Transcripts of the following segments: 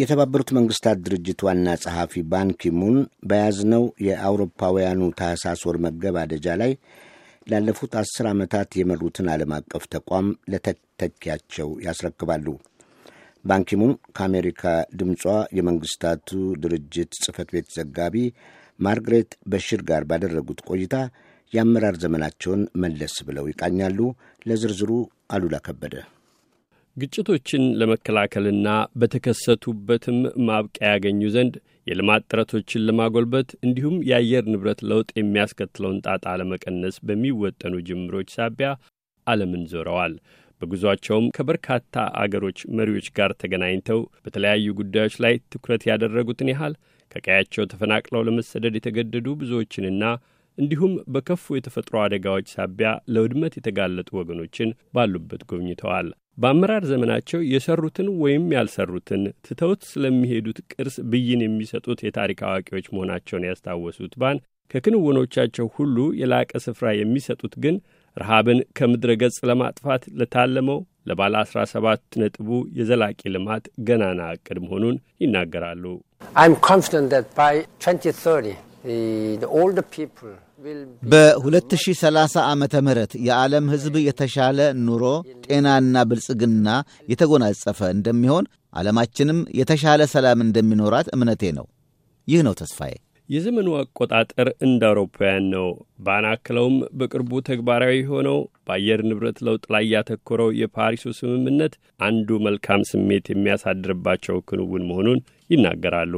የተባበሩት መንግስታት ድርጅት ዋና ጸሐፊ ባንኪሙን በያዝነው የአውሮፓውያኑ ታህሳስ ወር መገባደጃ ላይ ላለፉት አስር ዓመታት የመሩትን ዓለም አቀፍ ተቋም ለተተኪያቸው ያስረክባሉ። ባንኪሙን ከአሜሪካ ድምጿ የመንግስታቱ ድርጅት ጽህፈት ቤት ዘጋቢ ማርግሬት በሽር ጋር ባደረጉት ቆይታ የአመራር ዘመናቸውን መለስ ብለው ይቃኛሉ። ለዝርዝሩ አሉላ ከበደ ግጭቶችን ለመከላከልና በተከሰቱበትም ማብቂያ ያገኙ ዘንድ የልማት ጥረቶችን ለማጎልበት እንዲሁም የአየር ንብረት ለውጥ የሚያስከትለውን ጣጣ ለመቀነስ በሚወጠኑ ጅምሮች ሳቢያ ዓለምን ዞረዋል። በጉዟቸውም ከበርካታ አገሮች መሪዎች ጋር ተገናኝተው በተለያዩ ጉዳዮች ላይ ትኩረት ያደረጉትን ያህል ከቀያቸው ተፈናቅለው ለመሰደድ የተገደዱ ብዙዎችንና እንዲሁም በከፉ የተፈጥሮ አደጋዎች ሳቢያ ለውድመት የተጋለጡ ወገኖችን ባሉበት ጎብኝተዋል። በአመራር ዘመናቸው የሰሩትን ወይም ያልሰሩትን ትተውት ስለሚሄዱት ቅርስ ብይን የሚሰጡት የታሪክ አዋቂዎች መሆናቸውን ያስታወሱት ባን ከክንውኖቻቸው ሁሉ የላቀ ስፍራ የሚሰጡት ግን ረሃብን ከምድረ ገጽ ለማጥፋት ለታለመው ለባለ 17 ነጥቡ የዘላቂ ልማት ገናና እቅድ መሆኑን ይናገራሉ። በ2030 ዓመተ ምህረት የዓለም ሕዝብ የተሻለ ኑሮ፣ ጤናና ብልጽግና የተጎናጸፈ እንደሚሆን ዓለማችንም የተሻለ ሰላም እንደሚኖራት እምነቴ ነው። ይህ ነው ተስፋዬ። የዘመኑ አቆጣጠር እንደ አውሮፓውያን ነው። ባናክለውም በቅርቡ ተግባራዊ የሆነው በአየር ንብረት ለውጥ ላይ ያተኮረው የፓሪሱ ስምምነት አንዱ መልካም ስሜት የሚያሳድርባቸው ክንውን መሆኑን ይናገራሉ።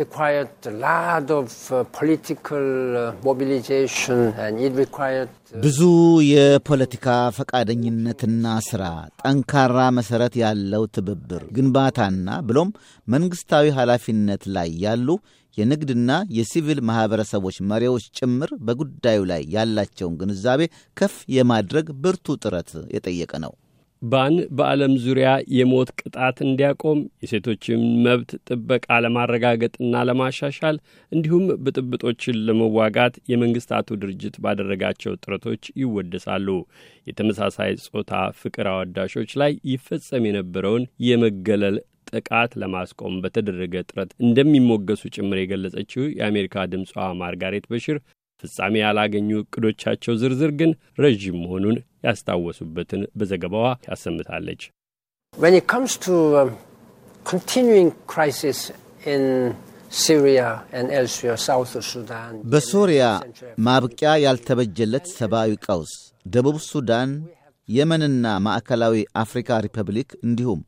required a lot of uh, political uh, mobilization and it required uh, ብዙ የፖለቲካ ፈቃደኝነትና ስራ፣ ጠንካራ መሰረት ያለው ትብብር ግንባታና ብሎም መንግስታዊ ኃላፊነት ላይ ያሉ የንግድና የሲቪል ማኅበረሰቦች መሪዎች ጭምር በጉዳዩ ላይ ያላቸውን ግንዛቤ ከፍ የማድረግ ብርቱ ጥረት የጠየቀ ነው። ባን በዓለም ዙሪያ የሞት ቅጣት እንዲያቆም የሴቶችን መብት ጥበቃ ለማረጋገጥና ለማሻሻል እንዲሁም ብጥብጦችን ለመዋጋት የመንግስታቱ ድርጅት ባደረጋቸው ጥረቶች ይወደሳሉ። የተመሳሳይ ጾታ ፍቅር አወዳሾች ላይ ይፈጸም የነበረውን የመገለል ጥቃት ለማስቆም በተደረገ ጥረት እንደሚሞገሱ ጭምር የገለጸችው የአሜሪካ ድምጿ ማርጋሬት በሽር ፍጻሜ ያላገኙ እቅዶቻቸው ዝርዝር ግን ረዥም መሆኑን ያስታወሱበትን በዘገባዋ ያሰምታለች። um, በሶሪያ ማብቂያ ያልተበጀለት ሰብአዊ ቀውስ ደቡብ ሱዳን፣ የመንና ማዕከላዊ አፍሪካ ሪፐብሊክ እንዲሁም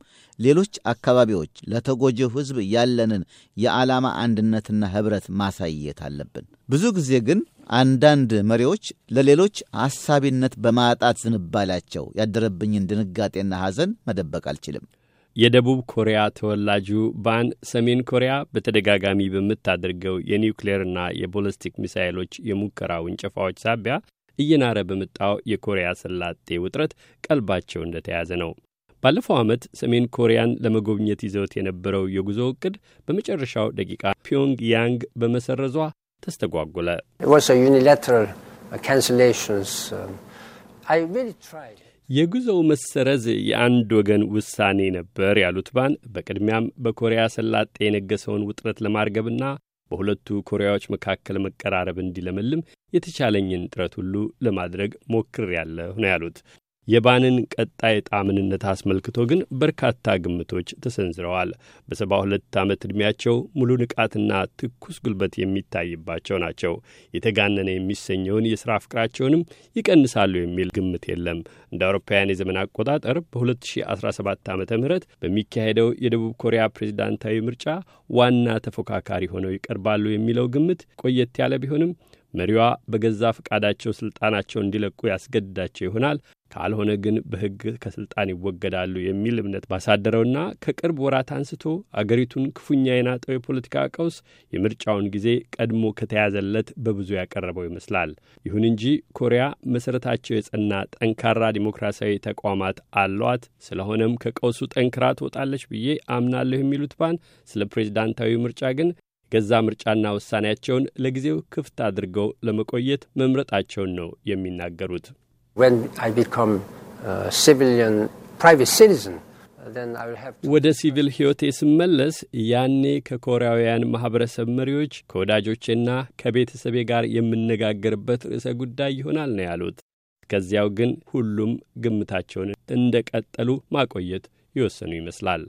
ሌሎች አካባቢዎች ለተጎጂው ሕዝብ ያለንን የዓላማ አንድነትና ኅብረት ማሳየት አለብን። ብዙ ጊዜ ግን አንዳንድ መሪዎች ለሌሎች አሳቢነት በማጣት ዝንባላቸው ያደረብኝን ድንጋጤና ሐዘን መደበቅ አልችልም። የደቡብ ኮሪያ ተወላጁ ባን ሰሜን ኮሪያ በተደጋጋሚ በምታደርገው የኒውክሌርና የቦለስቲክ ሚሳይሎች የሙከራ ውንጨፋዎች ሳቢያ እየናረ በመጣው የኮሪያ ሰላጤ ውጥረት ቀልባቸው እንደተያዘ ነው። ባለፈው ዓመት ሰሜን ኮሪያን ለመጎብኘት ይዘውት የነበረው የጉዞ ዕቅድ በመጨረሻው ደቂቃ ፒዮንግ ያንግ በመሰረዟ ተስተጓጎለ። uh, um, የጉዞው መሰረዝ የአንድ ወገን ውሳኔ ነበር ያሉት ባን በቅድሚያም በኮሪያ ሰላጤ የነገሰውን ውጥረት ለማርገብና በሁለቱ ኮሪያዎች መካከል መቀራረብ እንዲለመልም የተቻለኝን ጥረት ሁሉ ለማድረግ ሞክሬያለሁ ነው ያሉት። የባንን ቀጣይ ዕጣ ምንነት አስመልክቶ ግን በርካታ ግምቶች ተሰንዝረዋል። በሰባ ሁለት ዓመት ዕድሜያቸው ሙሉ ንቃትና ትኩስ ጉልበት የሚታይባቸው ናቸው። የተጋነነ የሚሰኘውን የሥራ ፍቅራቸውንም ይቀንሳሉ የሚል ግምት የለም። እንደ አውሮፓውያን የዘመን አቆጣጠር በ2017 ዓ ም በሚካሄደው የደቡብ ኮሪያ ፕሬዚዳንታዊ ምርጫ ዋና ተፎካካሪ ሆነው ይቀርባሉ የሚለው ግምት ቆየት ያለ ቢሆንም መሪዋ በገዛ ፈቃዳቸው ስልጣናቸው እንዲለቁ ያስገድዳቸው ይሆናል። ካልሆነ ግን በሕግ ከስልጣን ይወገዳሉ የሚል እምነት ባሳደረውና ከቅርብ ወራት አንስቶ አገሪቱን ክፉኛ የናጠው የፖለቲካ ቀውስ የምርጫውን ጊዜ ቀድሞ ከተያዘለት በብዙ ያቀረበው ይመስላል። ይሁን እንጂ ኮሪያ መሠረታቸው የጸና ጠንካራ ዲሞክራሲያዊ ተቋማት አሏት፣ ስለሆነም ከቀውሱ ጠንክራ ትወጣለች ብዬ አምናለሁ የሚሉት ባን ስለ ፕሬዚዳንታዊ ምርጫ ግን ገዛ ምርጫና ውሳኔያቸውን ለጊዜው ክፍት አድርገው ለመቆየት መምረጣቸውን ነው የሚናገሩት። ወደ ሲቪል ሕይወቴ ስመለስ ያኔ ከኮሪያውያን ማኅበረሰብ መሪዎች ከወዳጆቼና ከቤተሰቤ ጋር የምነጋገርበት ርዕሰ ጉዳይ ይሆናል ነው ያሉት። ከዚያው ግን ሁሉም ግምታቸውን እንደ ቀጠሉ ማቆየት ይወሰኑ ይመስላል።